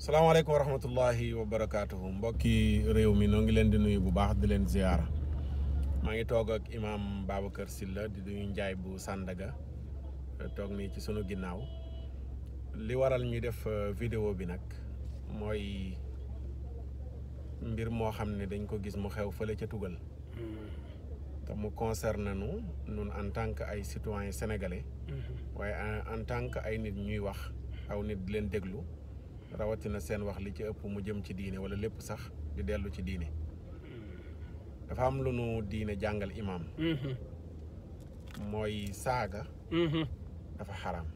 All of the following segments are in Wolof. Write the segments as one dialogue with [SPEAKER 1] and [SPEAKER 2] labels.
[SPEAKER 1] salaamaaleykum wa rahmatullahi wa barakaatuhu mbokki réew mi noo ngi leen di nuyu bu baax di leen ziyaara maa ngi toog ak imaam Babacar Sylla di duñu njaay bu sàndaga toog nii ci sunu ginnaaw li waral ñu def euh, vidéo bi nag mooy mbir moo xam ne dañ ko gis mu xew fële ca tugal mm-hmm. te mu concerne nanu nun en tant que ay citoyen sénégalais mm-hmm. waaye en tant que ay nit ñuy wax aw nit di leen déglu rawatina seen wax li ci ëpp mu jëm ci diine wala lépp sax di dellu ci diine dafa am lu nu diine jàngal imaam mm-hmm. mooy saaga mm-hmm. dafa xaraam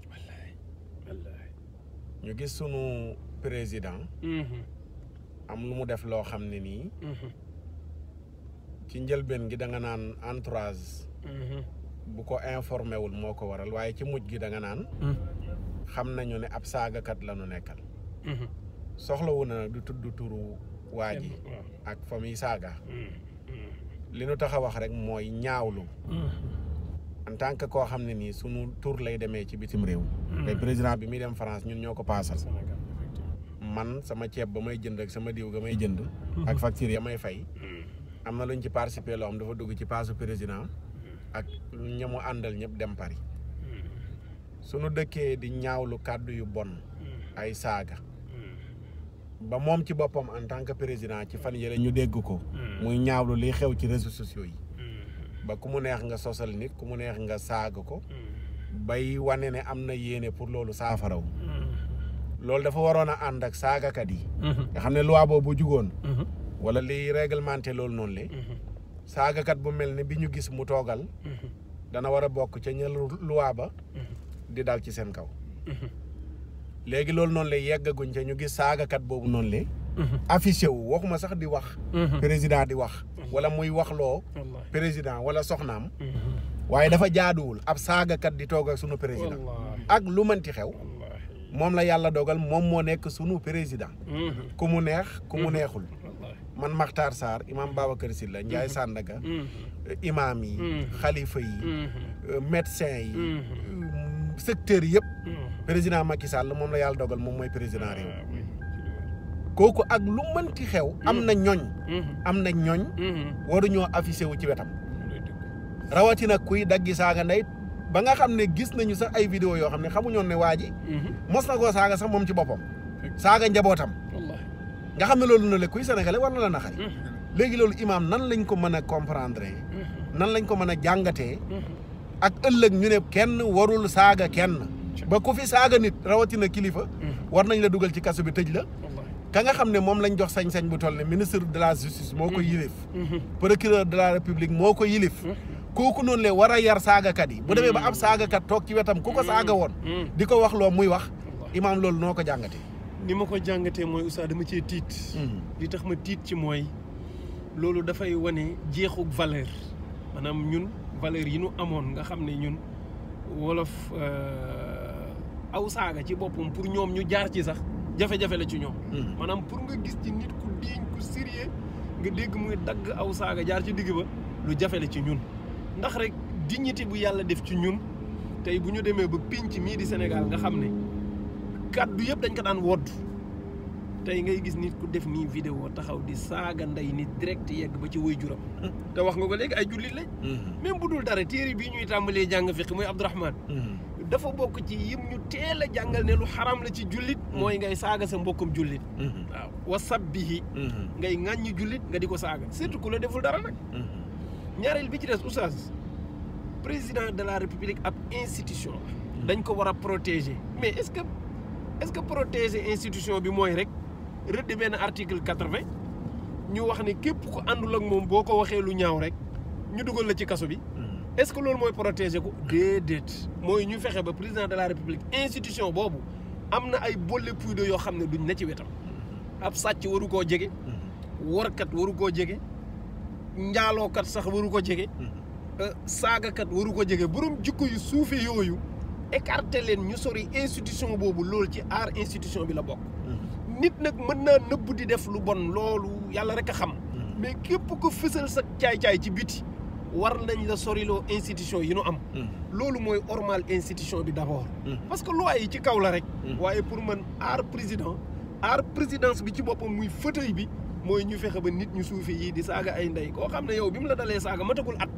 [SPEAKER 1] ñu gis sunu président mm-hmm. am lu mu def loo xam ne nii ci njëlbeen gi da nga naan entourage bu ko informé wul moo ko waral waaye ci mujj gi da nga naan mm. xam nañu ne ab saagakat la nu nekkal Mhm. soxlawu na du tudd turu waa ji ak famille saaga mhm, mhm. li nu tax wax rek mooy ñaawlu en tant que koo xam ne nii su sunu tur lay demee ci bitim réew te président bi muy dem France ñun ñoo ko paasal man sama ceeb ba may jënd ak sama diw ga may jënd ak facture ya may fay am na luñ ci participer loo xam dafa dugg ci paasu président ak ñamu àndal ñëpp dem Paris sunu dëkkee di ñaawlu kàddu yu bon ay saaga ba moom ci boppam en tant que président ci fan yële ñu dégg ko. Mm. muy ñaawlu liy xew ci réseaux sociaux yi. Mm-hmm. ba ku mu neex nga sosal nit ku mu neex nga saaga ko. Mm-hmm. bay wane ne am na yéene pour loolu saafaraw. Mm-hmm. loolu dafa waroon a ànd ak saagakat yi. nga xam ne loi boobu jugoon. wala liy réglementé loolu noonu le saagakat bu mel ne bi ñu gis mu toogal. dana war a bokk ca ña loi ba. di dal ci seen kaw. léegi loolu noonu lay yeggaguñ ca ñu gis saagakat boobu noonu la. Mhm. affiché wu waxuma sax di wax. Mhm. président di wax. Mhm. wala muy waxloo. président wala soxnaam. waaye dafa jaaduwul ab saagakat di toog ak sunu président. ak lu mënti xew. moom la yàlla dogal moom moo nekk sunu président. ku mu neex ku mu neexul. man Makhtar Sarr imam Babacar Sylla Ndiaye Sandaga. imaam yi. xalifa yi. médecin yi. secteur yëpp. président Macky Sall moom la yàlla dogal moom mooy yi réew ah, kooku ak lu mënti xew am na ñoñ mm-hmm. am na ñoñ mm-hmm. waruñoo affiché wu ci wetam rawatina kuy daggi saaga ndey ba nga xam ne gis nañu sax ay vidéo yoo xam ne xamuñoon ne waa ji
[SPEAKER 2] mm-hmm.
[SPEAKER 1] mos na koo saaga sax moom ci boppam saaga njabootam nga xam ne loolu na le kuy sénégalais war na la naxari léegi loolu imaam nan lañ ko mën a comprendre nan lañ ko mën a jàngatee ak ëllëg ñu ne kenn warul saaga kenn ba ku fi saaga nit rawatina kilifa. Mm-hmm. war nañ la dugal ci kaso bi tëj la. ka nga xam ne moom lañ jox sañ-sañ bu toll ne ministre de la justice moo ko mm-hmm. yilif. Mm-hmm. procureur de la république moo ko yilif. kooku noonu le war a yar saagakat yi. bu demee ba ab saagakat toog ci wetam ku ko saaga woon. di ko wax loo muy wax. imaam lool noo ko jàngatee.
[SPEAKER 2] ni ma ko jàngatee mooy oustaz dama cee tiit. li tax ma tiit ci mooy loolu dafay wane jeexug valeur maanaam ñun valeur yi nu amoon nga xam ne ñun wolof. Euh, aw saaga ci boppam pour ñoom ñu jaar ci sax jafe-jafe la ci ñoom hmm. maanaam pour nga gis ci nit ku diiñ ku sérieux nga dégg muy dagg aw saaga jaar ci digg ba lu jafe la ci ñun ndax rek dignité bu yàlla def ci ñun tey bu ñu demee ba pinc mii di Sénégal nga xam ne kàddu yëpp dañ ko daan wodd tey ngay gis nit ku def nii vidéo taxaw di saaga ndey ni direct yegg ba ci way juram te wax nga ko léegi ay jullit lañ mhm. même bu dul dara téere bii ñuy tàmbalee jàng fiq mooy Abdourahman mhm. dafa bokk ci yim ñu teel a jàngal ne lu xaram la ci jullit mhm. mooy ngay saaga sa mbokkum jullit waaw wasab bihi ngay ŋàññi jullit nga di ko saaga surtout ku la deful dara nag ñaareel bi ci des oustaz président de la république ab institution dañ ko war a protéger mais est-ce que est-ce que protéger institution bi mooy rek rëdd benn article quatre-vingt ñu wax ni képp ko àndul ak moom boo ko waxee lu ñaaw rek ñu dugal la ci kaso bi. Hmm. est-ce que loolu mooy protéger ko déedéet. mooy ñu fexe ba président de la république institution boobu am na ay boole puy yoo xam ne duñ ne ci wetam. Hmm. ab sàcc waru koo jege. Hmm. warkat waru koo jege. njaalookat sax waru ko jege. Euh, saagakat waru ko jege borom jukko yu suufe yooyu écarté leen ñu sori institution boobu loolu ci aar institution bi la bokk. nit nag mën naa nëbb di def lu bon loolu yàlla rek a xam hmm. mais képp ko fësal sa caay-caay ci biti war nañ la soriloo institution yi nu am hmm. loolu mooy ormal institution bi d'abord hmm. parce que loo ay ci kaw la rek waaye pour man aar président aar présidence bi ci boppam muy fauteuil bi mooy ñu fexe ba nit ñu suufe yii di saaga ay ndey koo xam ne yow bi mu la dalee saaga matagul at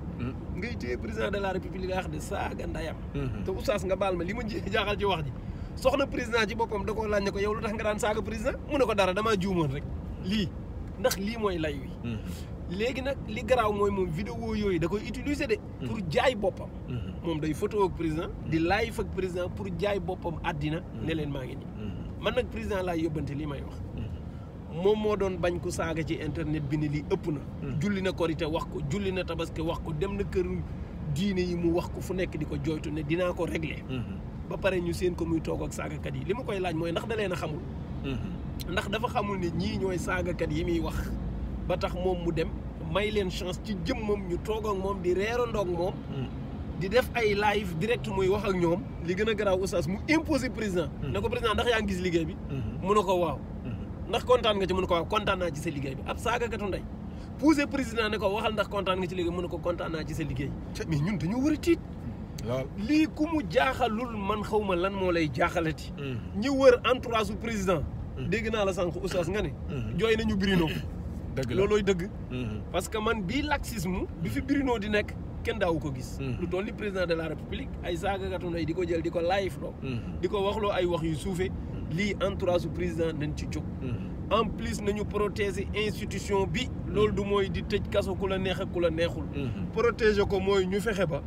[SPEAKER 2] ngay téye président de la république nga wax de saaga te oustaz nga baal ma li ma jaaxal ci wax ji soxna président ci boppam da koo laaj ne ko yow lu tax nga daan saaga président mu ne ko dara damaa juumoon rek lii ndax lii mooy lay wi hmm. léegi nag li garaaw mooy moom vidéo yooyu da koy utiliser de hmm. pour jaay boppam hmm. moom day photo ak président di live ak président pour jaay boppam àddina ne leen maa ngi nii man nag président laay yóbbante li may wax moom moo doon bañ ko saaga ci internet bi ni lii ëpp na julli na korite wax ko julli na tabaski wax ko dem na kër diine yi mu wax ko fu nekk di ko jooytu ne dinaa ko régler ba pare ñu seen ko muy toog ak saagakat yi li ma koy laaj mooy ndax da leen a xamul mm-hmm. ndax dafa xamul ne ñii ñooy saagakat yi muy wax ba tax moom mu dem may leen chance ci jëm moom ñu toog ak moom di reerandoo ak moom mm-hmm. di def ay live direct muy wax ak ñoom li gën a garaaw oustaz mu imposé président mm-hmm. ne ko président ndax yaa ngi gis liggéey bi mu ne ko waaw ndax kontaan nga ci mu kontaan naa ci sa liggéey bi ab saagakatu ndey poussé président ne ko waxal ndax kontaan nga ci liggéey mu ko kontaan ci sa liggéey lii ku mu jaaxalul man xaw ma lan moo lay jaaxalati. Mm. ñi wër entourage su président. Mm. dégg naa la sànq oustaz nga ne. Mm. jooy nañu birinoo dëgg la loolooy dëgg. Mm-hmm. parce que man bii laxisme bi fi Bruno di nekk kenn daaw ko gis. lu toll président de la république ay saagagatu nay di ko jël di ko laayif loo. Mm-hmm. di ko wax loo ay wax yu suufee. lii entourage su président nañ ci jóg. Mm-hmm. en plus nañu protéger institution bi. loolu du mooy di tëj kaso ku la neex ak ku la neexul. protéger ko mooy ñu fexe ba.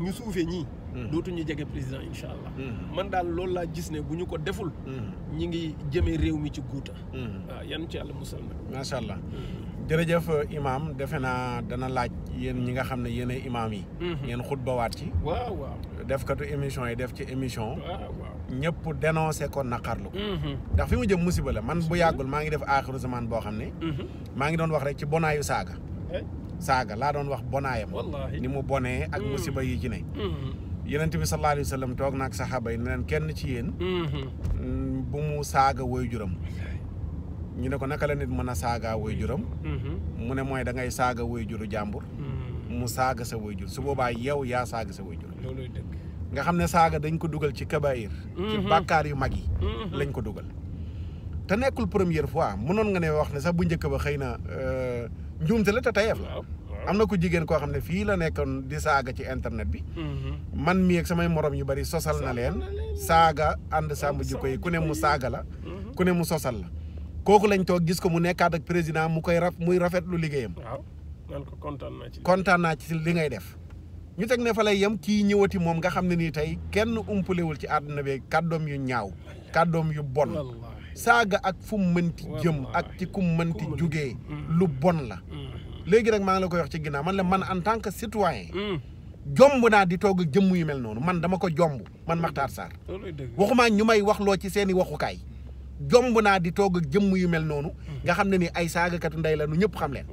[SPEAKER 2] ñu suufee ñi hmm. dootuñu jege président incha hmm. man daal loolu laa gis ne bu ñu ko deful hmm. ñi ngi jëme réew mi ci guuta waaw yan ci yàlla musal nag macha allah jërëjëf euh, imaam
[SPEAKER 1] defe naa dana laaj yéen ñi nga xam ne yéen imaam yi ngeen xutbawaat ci waaw waaw defkatu émission yi def ci émission ñëpp dénoncé ko naqarlu ndax fi mu jëm musiba la man bu yàggul maa ngi def aaxiru zaman boo xam ne maa ngi doon wax rek ci bonaayu saaga eh? saaga laa doon wax bonaayam ni mu bonee ak mm. musiba yi ci ne mm-hmm. yenent bi sallallahu alayhi wa sallam toog naag saxaaba yi ne leen kenn ci yéen mm-hmm. mm, bu mu saaga woy juram ñu ne ko naka la nit mën a saagaa woy juram mm-hmm. mu ne mooy da ngay saaga woy juru jàmbur mu saaga sa woy jur su boobaa yow yaa saaga sa woy nga xam ne saaga dañ ko dugal ci kabair ci bàkkaar yu mag yi lañ ko dugal te nekkul première fois mënoon nga ne wax ne sax bu njëkk ba xëy na euh, njuumte la te tayeef la am na ko jigéen koo xam ne fii la nekkoon di saaga ci internet bi mm-hmm. man mii ak samay moroom yu bari sosal na leen saaga ànd sàmm jiko yi ku ne mu saaga la mm-hmm. ku ne mu sosal la kooku lañ toog gis ko mu nekkaat ak président mu koy raf muy rafetlu liggéeyam kontaan naa ci li ngay def ñu teg ne fa lay yem kii ñëwati moom nga xam ne nii tey kenn umpalewul ci àdduna bi kàddoom yu ñaaw kàddoom yu bon saaga ak fu mu mënti jëm ak ci ku mu mënti jugee lu bon la mm. léegi rek maa ngi la koy wax ci ginnaaw man la man en tant que citoyen mm. Mm. jomb naa di toog ak jëmm yu mel noonu man dama ko jomb man Makhtar Sarr waxumaa ñu may wax loo ci seeni waxukaay jomb naa di toog ak jëmm yu mel noonu nga xam ne ni ay saagakatu ndey la nu ñëpp xam leen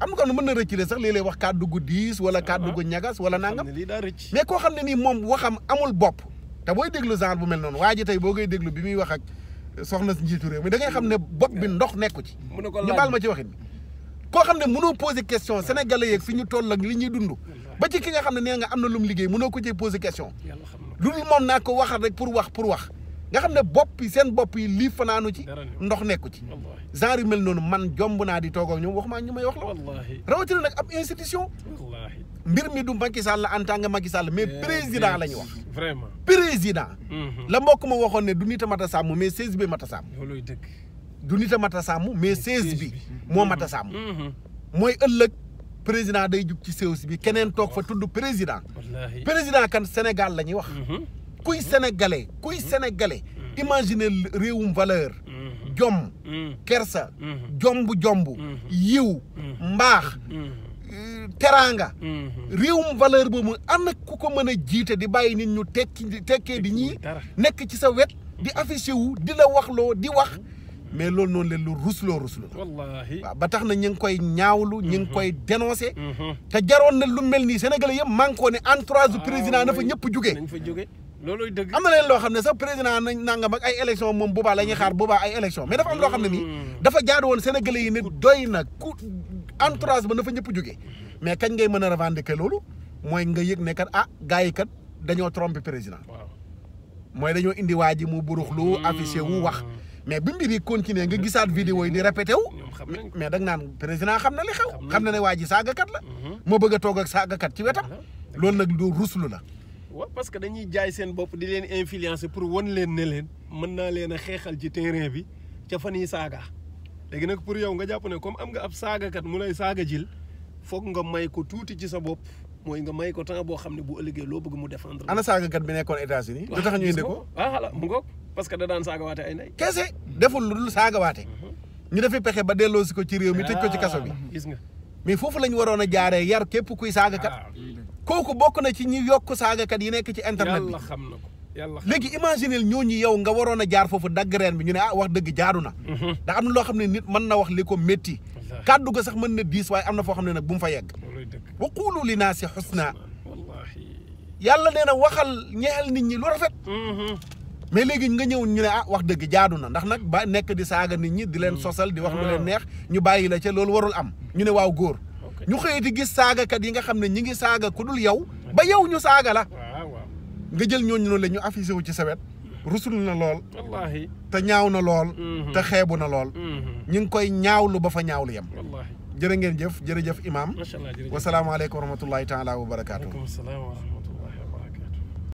[SPEAKER 1] am na ko mën na rëcc le sax léeg-léeg wax kàddu gu diis wala ah. kàddu gu ñagas wala nangam mais koo xam ne nii moom waxam amul bopp te booy déglu genre bu mel noonu waa tey boo koy déglu bi muy wax ak soxna njiitu réew mi da ngay xam ne bopp bi ndox nekku ci ñu baal ma ci waxit bi koo xam ne mënoo poser question sénégalais yeeg fi ñu toll ak li ñuy dund ba ci ki nga xam ne nee nga am na lu liggéey mënoo ko ci poser question lu moom naa ko waxal rek pour wax pour wax nga xam ne bopp yi seen bopp yi lii fanaanu ci ndox nekku ci genre yu noonu man jomb naa di toog ak ñoom waxumaa ñu may wax la rawatina nag ab institution mbir mi du Macky Sall en tant que Macky Sall mais président la ñu wax vraiment président mhm. la mbokk ma waxoon ne du nit a mat a sàmm mais seize bi mat a sàmm looloy du nit a mat a sàmm mais seize bi moo mhm. mat a sàmm mhm. mooy ëllëg président day jug ci séew si bi keneen toog fa tudd président président kan Sénégal la ñuy wax kuy senegale kuy senegale mm-hmm. imaginer réewum valeur mm-hmm. jom mm-hmm. kersa jomb-jomb yiw mbaax euh, teraanga réewum valeur boobu na ku ko mën a jiite di bàyyi nit ñu tekki tekkee di ñii nekk ci sa wet di affiché wu di la wax loo di wax mais lool noonu leen lu rusloo rusloo
[SPEAKER 2] wallaahi waaw ba
[SPEAKER 1] tax na ñu ngi koy ñaawlu ñu ngi koy dénoncé te jaroon na lu mel nii sénégalais yëpp manqué ne entourage du ah, président na fa ñëpp jóge loolooy dëgg am na leen loo xam ne sax président nañ nangam ak ay élection moom boobaa la ñuy xaar boobaa ay élection mais dafa am loo xam ne nii mm. dafa jaadu woon sénégalais yi ne doy na ku entourage ba na fa mais kañ ngay mën a revendiquer loolu mooy nga yëg ne kat ah yi kat dañoo trompé président mooy dañoo indi waa ji mu buruxlu mm. affiché wu wax mais bi mbir yi continuer nga gisaat vidéo yi di répété wu mais da naan président xam na li xew xam
[SPEAKER 2] na ne waa ji saagakat la mm-hmm. moo
[SPEAKER 1] bëgga a toog ak saagakat ci wetam loolu nag lu ruslu la
[SPEAKER 2] waaw parce que dañuy jaay seen bopp di leen influencer pour wan leen ne leen mën naa leen a xeexal ji terrain bi ca fan yi saaga léegi nag pour yow nga jàpp ne comme am nga ab saagakat mu lay saaga jil foog nga may ko tuuti ci sa bopp mooy nga may ko temps boo xam ne bu ëllëgee loo bëgg mu défendre.
[SPEAKER 1] ana saagakat bi nekkoon États-Unis lu tax ñu indi ko
[SPEAKER 2] ah xala mu ngoog parce que da daan saagawaate ay ndey. kese
[SPEAKER 1] deful lu dul saagawaate. Mhm. ñu defi pexe ba delloosi ko ci réew mi tëj ko ci kaso bi. Ah, gis nga mais foofu lañ waroon a jaaree yar képp kuy saagakat. Ah, kooku bokk na ci ñi yokk saagakat yi nekk ci internet bi yàlla
[SPEAKER 2] xam na ko yàlla
[SPEAKER 1] léegi imaginel ñooñu yow nga waroon a jaar foofu dagg reen bi ñu ne ah wax dëgg jaadu na mhm. da am na loo xam ne nit mën na wax li ko métti kàddu ko sax mën na diis waaye am na foo xam ne nag bu mu fa yegg wa quulu li naasi xusna yàlla nee na waxal ñeexal nit ñi lu rafet mhm. mais léegi nga ñëw ñu ne ah wax dëgg jaadu na ndax nag ba nekk di saaga nit ñi di leen mhm. sosal di wax lu ah. leen neex ñu bàyyi la ca loolu warul am ñu ne waaw góor ñu xëyati gis saagakat yi nga xam ne ñi ngi saaga ku dul yow ba yow ñu saaga la nga jël ñooñu noonu la ñu affiché wu ci sa wet rusul na lool wallaahi te ñaaw na lool mhm. te xeebu na lool mhm. ñu ngi koy ñaawlu ba fa ñaawlu yem jërë ngeen jëf jërëjëf imaam wasalaamaaleykum wa rahmatullahi taala wa barakaatu